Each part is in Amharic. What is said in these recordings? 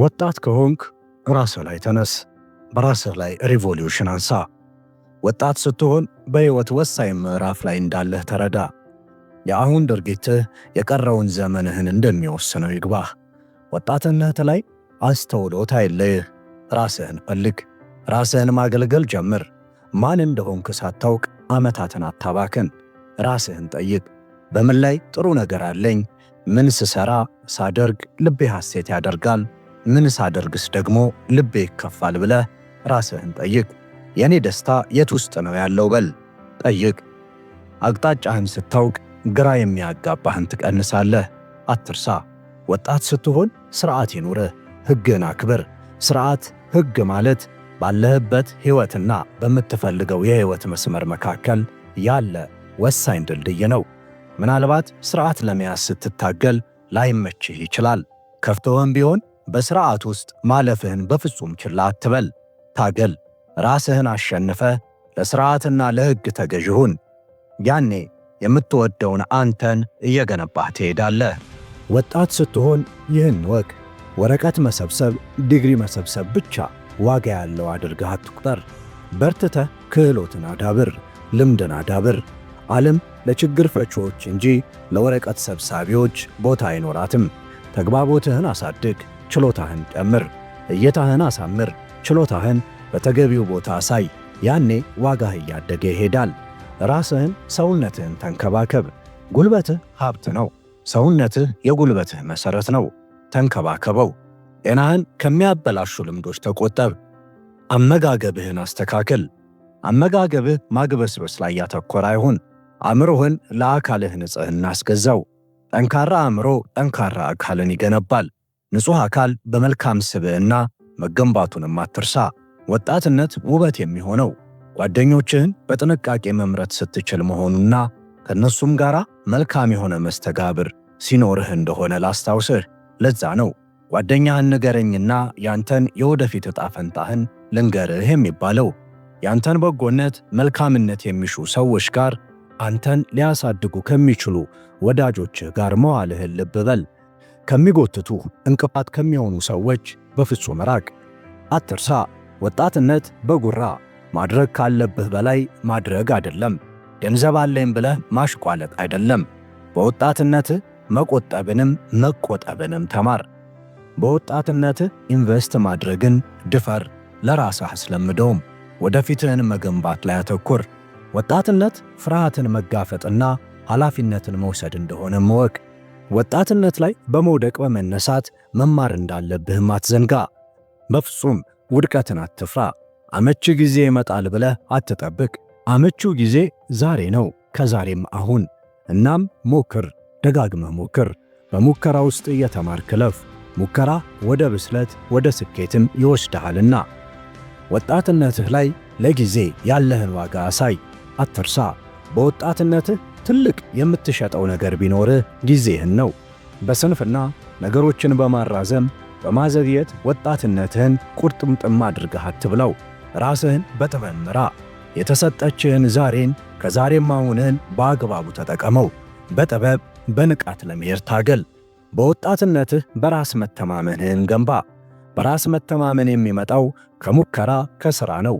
ወጣት ከሆንክ ራስህ ላይ ተነስ። በራስህ ላይ ሪቮሉሽን አንሳ። ወጣት ስትሆን በሕይወት ወሳኝ ምዕራፍ ላይ እንዳለህ ተረዳ። የአሁን ድርጊትህ የቀረውን ዘመንህን እንደሚወስነው ይግባህ። ወጣትነት ላይ አስተውሎት አይለይህ። ራስህን ፈልግ። ራስህን ማገልገል ጀምር። ማን እንደሆንክ ሳታውቅ ዓመታትን አታባክን። ራስህን ጠይቅ። በምን ላይ ጥሩ ነገር አለኝ? ምን ስሰራ ሳደርግ ልቤ ሐሴት ያደርጋል? ምን ሳደርግስ ደግሞ ልቤ ይከፋል ብለህ ራስህን ጠይቅ። የእኔ ደስታ የት ውስጥ ነው ያለው በል ጠይቅ። አቅጣጫህን ስታውቅ ግራ የሚያጋባህን ትቀንሳለህ። አትርሳ፣ ወጣት ስትሆን ሥርዓት ይኑርህ፣ ሕግን አክብር። ሥርዓት ሕግ ማለት ባለህበት ሕይወትና በምትፈልገው የሕይወት መስመር መካከል ያለ ወሳኝ ድልድይ ነው። ምናልባት ሥርዓት ለመያዝ ስትታገል ላይመችህ ይችላል። ከፍቶህም ቢሆን በሥርዓት ውስጥ ማለፍህን በፍጹም ችላ አትበል። ታገል፣ ራስህን አሸንፈ፣ ለሥርዓትና ለሕግ ተገዥ ሁን። ያኔ የምትወደውን አንተን እየገነባህ ትሄዳለህ። ወጣት ስትሆን ይህን ወቅ ወረቀት መሰብሰብ፣ ዲግሪ መሰብሰብ ብቻ ዋጋ ያለው አድርገህ አትቁጠር። በርትተህ ክህሎትን አዳብር፣ ልምድን አዳብር። ዓለም ለችግር ፈቺዎች እንጂ ለወረቀት ሰብሳቢዎች ቦታ አይኖራትም። ተግባቦትህን አሳድግ። ችሎታህን ጨምር። እይታህን አሳምር። ችሎታህን በተገቢው ቦታ አሳይ። ያኔ ዋጋህ እያደገ ይሄዳል። ራስህን፣ ሰውነትህን ተንከባከብ። ጉልበትህ ሀብት ነው። ሰውነትህ የጉልበትህ መሠረት ነው። ተንከባከበው። ጤናህን ከሚያበላሹ ልምዶች ተቆጠብ። አመጋገብህን አስተካክል። አመጋገብህ ማግበስበስ ላይ ያተኮረ አይሁን። አእምሮህን ለአካልህ ንጽህና አስገዛው። ጠንካራ አእምሮ ጠንካራ አካልን ይገነባል። ንጹሕ አካል በመልካም ስብዕና መገንባቱንም አትርሳ። ወጣትነት ውበት የሚሆነው ጓደኞችህን በጥንቃቄ መምረጥ ስትችል መሆኑና ከእነሱም ጋር መልካም የሆነ መስተጋብር ሲኖርህ እንደሆነ ላስታውስህ። ለዛ ነው ጓደኛህን ንገረኝና ያንተን የወደፊት ዕጣ ፈንታህን ልንገርህ የሚባለው። ያንተን በጎነት፣ መልካምነት የሚሹ ሰዎች ጋር አንተን ሊያሳድጉ ከሚችሉ ወዳጆችህ ጋር መዋልህን ልብ በል። ከሚጎትቱ እንቅፋት ከሚሆኑ ሰዎች በፍጹም ራቅ። አትርሳ፣ ወጣትነት በጉራ ማድረግ ካለብህ በላይ ማድረግ አይደለም። ገንዘብ አለኝ ብለህ ማሽቋለጥ አይደለም። በወጣትነት መቆጠብንም መቆጠብንም ተማር። በወጣትነት ኢንቨስት ማድረግን ድፈር። ለራስህ አስለምደውም። ወደፊትህን መገንባት ላይ አተኩር። ወጣትነት ፍርሃትን መጋፈጥና ኃላፊነትን መውሰድ እንደሆነ መወቅ ወጣትነት ላይ በመውደቅ በመነሳት መማር እንዳለብህም አትዘንጋ። በፍጹም ውድቀትን አትፍራ። አመቺ ጊዜ ይመጣል ብለህ አትጠብቅ። አመቺው ጊዜ ዛሬ ነው፣ ከዛሬም አሁን። እናም ሞክር፣ ደጋግመህ ሞክር። በሙከራ ውስጥ እየተማርክ ለፍ። ሙከራ ወደ ብስለት ወደ ስኬትም ይወስድሃልና ወጣትነትህ ላይ ለጊዜ ያለህን ዋጋ አሳይ፣ አትርሳ። በወጣትነትህ ትልቅ የምትሸጠው ነገር ቢኖርህ ጊዜህን ነው። በስንፍና ነገሮችን በማራዘም በማዘግየት ወጣትነትህን ቁርጥምጥም አድርገህ አትብላው። ራስህን በጥበብ ምራ። የተሰጠችህን ዛሬን ከዛሬም አሁንህን በአግባቡ ተጠቀመው። በጥበብ በንቃት ለመሄድ ታገል። በወጣትነትህ በራስ መተማመንህን ገንባ። በራስ መተማመን የሚመጣው ከሙከራ ከሥራ ነው።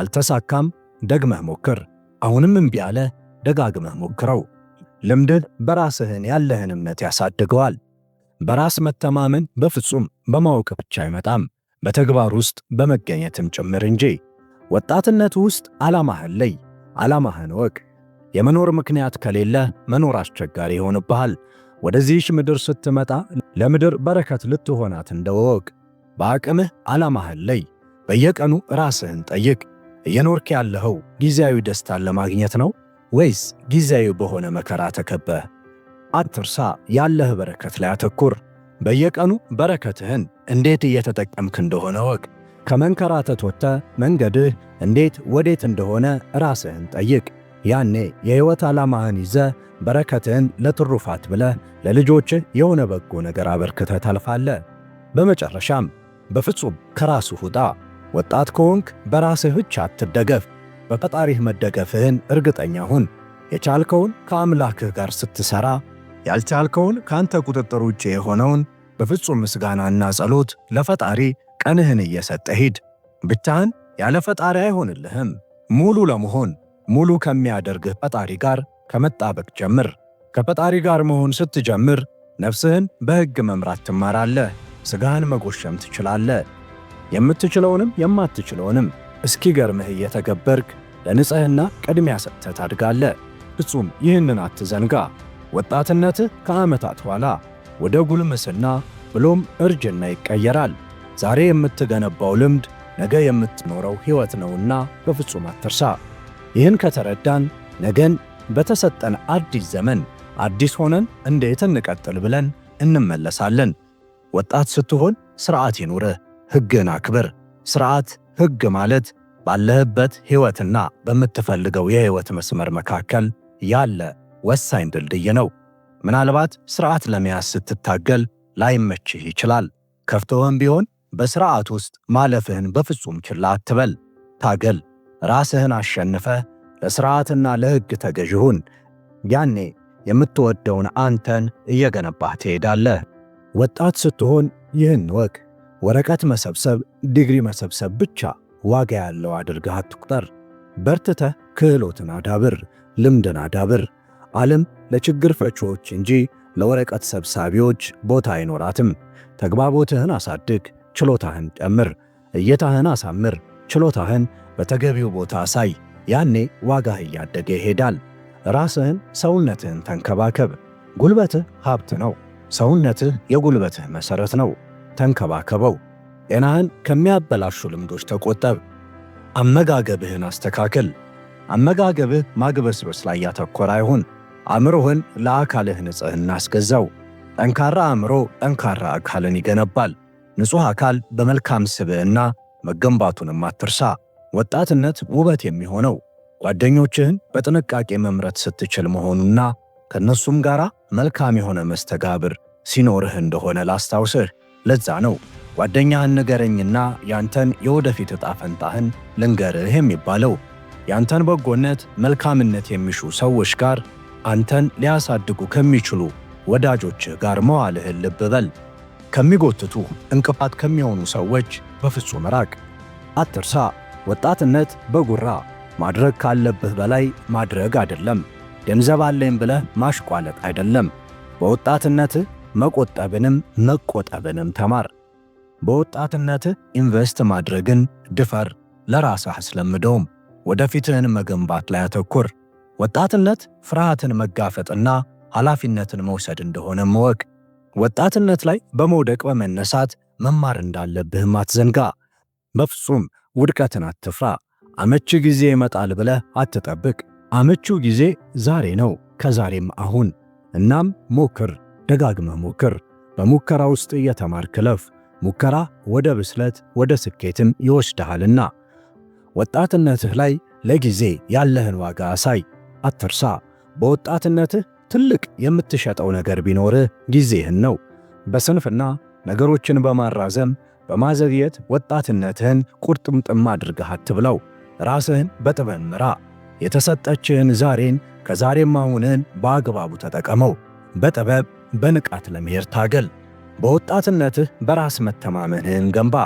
አልተሳካም፣ ደግመህ ሞክር። አሁንም እምቢ አለ። ደጋግመህ ሞክረው። ልምድህ በራስህን ያለህን እምነት ያሳድገዋል። በራስ መተማመን በፍጹም በማወቅ ብቻ አይመጣም፣ በተግባር ውስጥ በመገኘትም ጭምር እንጂ። ወጣትነት ውስጥ ዓላማህን ለይ፣ ዓላማህን ወቅ። የመኖር ምክንያት ከሌለ መኖር አስቸጋሪ ይሆንብሃል። ወደዚህች ምድር ስትመጣ ለምድር በረከት ልትሆናት እንደወቅ። በአቅምህ ዓላማህን ለይ። በየቀኑ ራስህን ጠይቅ። እየኖርክ ያለኸው ጊዜያዊ ደስታን ለማግኘት ነው ወይስ ጊዜያዊ በሆነ መከራ ተከበህ? አትርሳ፣ ያለህ በረከት ላይ አተኩር። በየቀኑ በረከትህን እንዴት እየተጠቀምክ እንደሆነ ወቅ። ከመንከራተት ወጥተህ መንገድህ እንዴት ወዴት እንደሆነ ራስህን ጠይቅ። ያኔ የሕይወት ዓላማህን ይዘ በረከትህን ለትሩፋት ብለህ ለልጆችህ የሆነ በጎ ነገር አበርክተህ ታልፋለህ። በመጨረሻም በፍጹም ከራስህ ውጣ። ወጣት ከሆንክ በራስህ ብቻ አትደገፍ፣ በፈጣሪህ መደገፍህን እርግጠኛ ሁን። የቻልከውን ከአምላክህ ጋር ስትሰራ ያልቻልከውን ከአንተ ቁጥጥር ውጭ የሆነውን በፍጹም ምስጋናና ጸሎት ለፈጣሪ ቀንህን እየሰጠ ሂድ። ብቻህን ያለ ፈጣሪ አይሆንልህም። ሙሉ ለመሆን ሙሉ ከሚያደርግህ ፈጣሪ ጋር ከመጣበቅ ጀምር። ከፈጣሪ ጋር መሆን ስትጀምር ነፍስህን በሕግ መምራት ትማራለህ። ሥጋህን መጎሸም ትችላለህ። የምትችለውንም የማትችለውንም እስኪገርምህ እየተገበርክ ለንጽህና ቅድሚያ ሰጥተህ ታድጋለህ። ፍጹም ይህንን አትዘንጋ። ወጣትነትህ ከዓመታት ኋላ ወደ ጉልምስና ብሎም እርጅና ይቀየራል። ዛሬ የምትገነባው ልምድ ነገ የምትኖረው ሕይወት ነውና በፍጹም አትርሳ። ይህን ከተረዳን ነገን በተሰጠን አዲስ ዘመን አዲስ ሆነን እንዴት እንቀጥል ብለን እንመለሳለን። ወጣት ስትሆን ሥርዓት ይኑርህ። ሕግን አክብር። ሥርዓት ሕግ ማለት ባለህበት ሕይወትና በምትፈልገው የሕይወት መስመር መካከል ያለ ወሳኝ ድልድይ ነው። ምናልባት ሥርዓት ለመያዝ ስትታገል ላይመችህ ይችላል። ከፍቶህም ቢሆን በሥርዓት ውስጥ ማለፍህን በፍጹም ችላ አትበል። ታገል። ራስህን አሸንፈህ ለሥርዓትና ለሕግ ተገዥ ሁን። ያኔ የምትወደውን አንተን እየገነባህ ትሄዳለህ። ወጣት ስትሆን ይህን ወቅ ወረቀት መሰብሰብ፣ ዲግሪ መሰብሰብ ብቻ ዋጋ ያለው አድርገህ አትቁጠር። በርትተህ ክህሎትን አዳብር፣ ልምድን አዳብር። ዓለም ለችግር ፈቺዎች እንጂ ለወረቀት ሰብሳቢዎች ቦታ አይኖራትም። ተግባቦትህን አሳድግ፣ ችሎታህን ጨምር። እይታህን አሳምር፣ ችሎታህን በተገቢው ቦታ አሳይ። ያኔ ዋጋህ እያደገ ይሄዳል። ራስህን፣ ሰውነትህን ተንከባከብ። ጉልበትህ ሀብት ነው። ሰውነትህ የጉልበትህ መሠረት ነው። ተንከባከበው። ጤናህን ከሚያበላሹ ልምዶች ተቆጠብ። አመጋገብህን አስተካክል። አመጋገብህ ማግበስበስ ላይ ያተኮረ አይሁን። አእምሮህን ለአካልህ ንጽህና አስገዛው። ጠንካራ አእምሮ ጠንካራ አካልን ይገነባል። ንጹሕ አካል በመልካም ስብዕና መገንባቱንም አትርሳ። ወጣትነት ውበት የሚሆነው ጓደኞችህን በጥንቃቄ መምረት ስትችል መሆኑና ከእነሱም ጋር መልካም የሆነ መስተጋብር ሲኖርህ እንደሆነ ላስታውስህ። ለዛ ነው ጓደኛህን ንገረኝና ያንተን የወደፊት ዕጣ ፈንታህን ልንገርህ የሚባለው። ያንተን በጎነት፣ መልካምነት የሚሹ ሰዎች ጋር አንተን ሊያሳድጉ ከሚችሉ ወዳጆችህ ጋር መዋልህን ልብ በል። ከሚጎትቱ እንቅፋት ከሚሆኑ ሰዎች በፍጹም ራቅ። አትርሳ፣ ወጣትነት በጉራ ማድረግ ካለብህ በላይ ማድረግ አይደለም። ገንዘብ አለኝ ብለህ ማሽቋለጥ አይደለም። በወጣትነትህ መቆጠብንም መቆጠብንም ተማር። በወጣትነትህ ኢንቨስት ማድረግን ድፈር። ለራስህ አስለምደውም። ወደፊትህን መገንባት ላይ አተኩር። ወጣትነት ፍርሃትን መጋፈጥና ኃላፊነትን መውሰድ እንደሆነም መወቅ። ወጣትነት ላይ በመውደቅ በመነሳት መማር እንዳለብህም አትዘንጋ። በፍጹም ውድቀትን አትፍራ። አመቺ ጊዜ ይመጣል ብለህ አትጠብቅ። አመቺው ጊዜ ዛሬ ነው፣ ከዛሬም አሁን። እናም ሞክር። ደጋግመ ሞክር። በሙከራ ውስጥ እየተማርክ ለፍ። ሙከራ ወደ ብስለት ወደ ስኬትም ይወስድሃልና። ወጣትነትህ ላይ ለጊዜ ያለህን ዋጋ አሳይ፣ አትርሳ። በወጣትነትህ ትልቅ የምትሸጠው ነገር ቢኖርህ ጊዜህን ነው። በስንፍና ነገሮችን በማራዘም በማዘግየት ወጣትነትህን ቁርጥምጥም አድርገህ አትብላው። ራስህን በጥበብ ምራ። የተሰጠችህን ዛሬን ከዛሬም አሁንን በአግባቡ ተጠቀመው በጥበብ በንቃት ለመሄድ ታገል። በወጣትነትህ በራስ መተማመንህን ገንባ።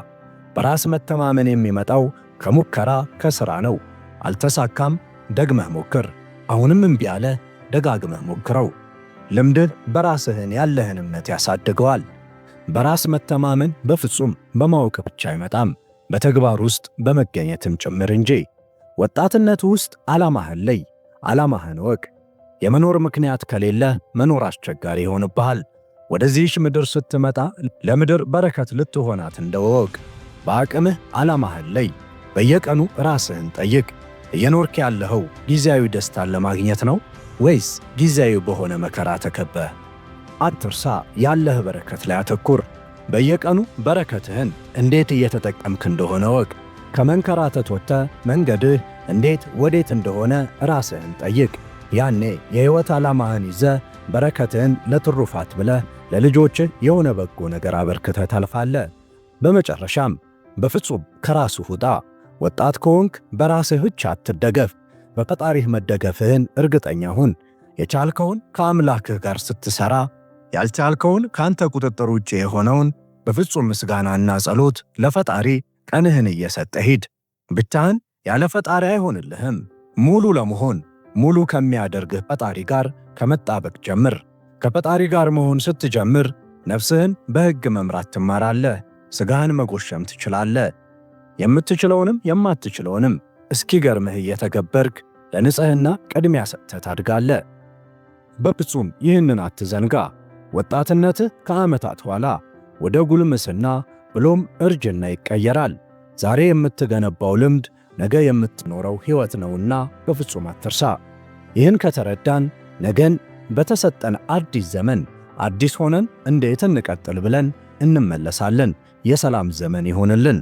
በራስ መተማመን የሚመጣው ከሙከራ ከሥራ ነው። አልተሳካም፣ ደግመህ ሞክር። አሁንም እምቢ አለ፣ ደጋግመህ ሞክረው። ልምድህ በራስህን ያለህን እምነት ያሳድገዋል። በራስ መተማመን በፍጹም በማወቅ ብቻ አይመጣም፣ በተግባር ውስጥ በመገኘትም ጭምር እንጂ። ወጣትነት ውስጥ ዓላማህን ለይ፣ ዓላማህን ወቅ። የመኖር ምክንያት ከሌለ መኖር አስቸጋሪ ይሆንብሃል። ወደዚህች ምድር ስትመጣ ለምድር በረከት ልትሆናት እንደወቅ። በአቅምህ ዓላማህን ለይ። በየቀኑ ራስህን ጠይቅ። እየኖርክ ያለኸው ጊዜያዊ ደስታን ለማግኘት ነው ወይስ ጊዜያዊ በሆነ መከራ ተከበህ? አትርሳ፣ ያለህ በረከት ላይ አተኩር። በየቀኑ በረከትህን እንዴት እየተጠቀምክ እንደሆነ ወቅ። ከመንከራተት ወጥተህ መንገድህ እንዴት ወዴት እንደሆነ ራስህን ጠይቅ። ያኔ የሕይወት ዓላማህን ይዘ በረከትህን ለትሩፋት ብለ ለልጆችህ የሆነ በጎ ነገር አበርክተ ታልፋለ በመጨረሻም በፍጹም ከራሱ ውጣ። ወጣት ከሆንክ በራስህ ብቻ አትደገፍ፣ በፈጣሪህ መደገፍህን እርግጠኛ ሁን። የቻልከውን ከአምላክህ ጋር ስትሠራ፣ ያልቻልከውን ከአንተ ቁጥጥር ውጭ የሆነውን በፍጹም ምስጋናና ጸሎት ለፈጣሪ ቀንህን እየሰጠ ሂድ። ብቻህን ያለ ፈጣሪ አይሆንልህም። ሙሉ ለመሆን ሙሉ ከሚያደርግህ ፈጣሪ ጋር ከመጣበቅ ጀምር። ከፈጣሪ ጋር መሆን ስትጀምር ነፍስህን በሕግ መምራት ትማራለህ። ሥጋህን መጎሸም ትችላለህ። የምትችለውንም የማትችለውንም እስኪገርምህ እየተገበርክ ለንጽሕና ቅድሚያ ሰጥተህ ታድጋለህ። በፍጹም ይህንን አትዘንጋ። ወጣትነትህ ከዓመታት ኋላ ወደ ጉልምስና ብሎም እርጅና ይቀየራል። ዛሬ የምትገነባው ልምድ ነገ የምትኖረው ሕይወት ነውና በፍጹም አትርሳ። ይህን ከተረዳን ነገን በተሰጠን አዲስ ዘመን አዲስ ሆነን እንዴት እንቀጥል ብለን እንመለሳለን። የሰላም ዘመን ይሆንልን።